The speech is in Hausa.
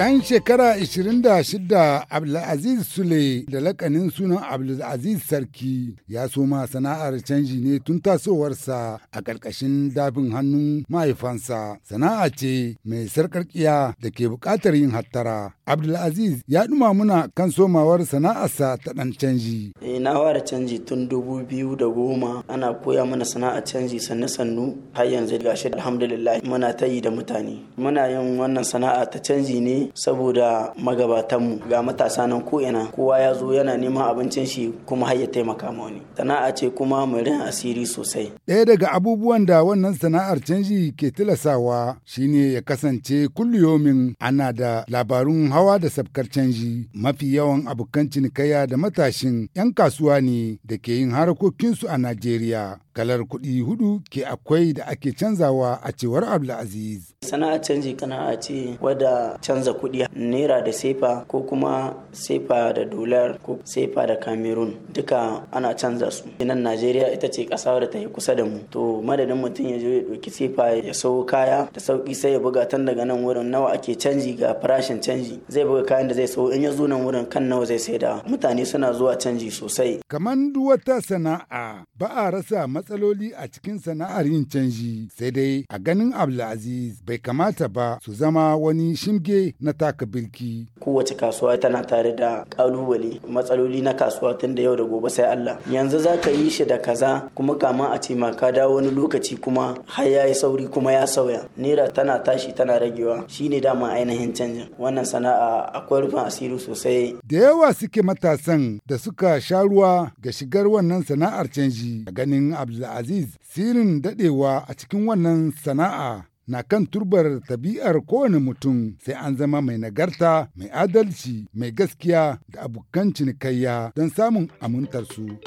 Ɗan shekara 26 Abdulaziz Sule da lakanin sunan Abdulaziz Sarki ya soma sana'ar canji ne tun tasowarsa a ƙarƙashin dafin hannun mahaifansa. Sana'a ce mai sarƙarƙiya da ke buƙatar yin hattara. Abdulaziz ya ɗuma muna kan somawar sana'arsa ta ɗan canji. Eh, na da canji tun dubu biyu da goma ana koya mana sana'ar canji sannu sannu har yanzu gashi alhamdulillah muna ta yi da mutane. Muna yin wannan sana'a ta canji ne saboda magabatanmu ga matasa nan ko ina kowa ya zo yana neman abincin shi kuma har ya taimaka ma wani sana'a ce kuma mai rin asiri sosai ɗaya daga abubuwan da wannan sana'ar canji ke tilasawa shine ya kasance kulliyomin ana da labarun hawa da sabkar canji mafi yawan abokan cinikayya da matashin 'yan kasuwa ne da ke yin harkokinsu a Najeriya. Kalar kuɗi hudu ke akwai da ake canzawa a cewar Abdulaziz. sana'a canji kana'a ce wadda canza kuɗi naira da sefa ko kuma sefa da dolar ko sefa da cameroon duka ana canza su nan najeriya ita ce ƙasa da ta yi kusa da mu to madadin mutum ya je ya ɗauki sefa ya sau kaya da sauki sai ya buga tan daga nan wurin nawa ake canji ga farashin canji zai buga kayan da zai sau in ya zo nan wurin kan nawa zai da mutane suna zuwa canji sosai kaman wata sana'a ba a rasa matsaloli a cikin sana'ar yin canji sai dai a ganin abdulaziz bai kamata ba su zama wani shimge na taka birki. Kowace kasuwa tana tare da kalubale matsaloli na kasuwa tun da yau da gobe sai Allah. Yanzu za ka yi shi da kaza kuma kama a ce maka da wani lokaci kuma har ya yi sauri kuma ya sauya. nera tana tashi tana ragewa shine dama ainihin canjin. Wannan sana'a akwai rufin asiri sosai. Da yawa suke matasan da suka sha ruwa ga shigar wannan sana'ar canji. Ganin Abdulaziz sirin dadewa a cikin wannan sana'a na kan turbar tabi'ar kowane mutum sai an zama mai nagarta mai adalci mai gaskiya da abokan cinikayya don samun amintarsu.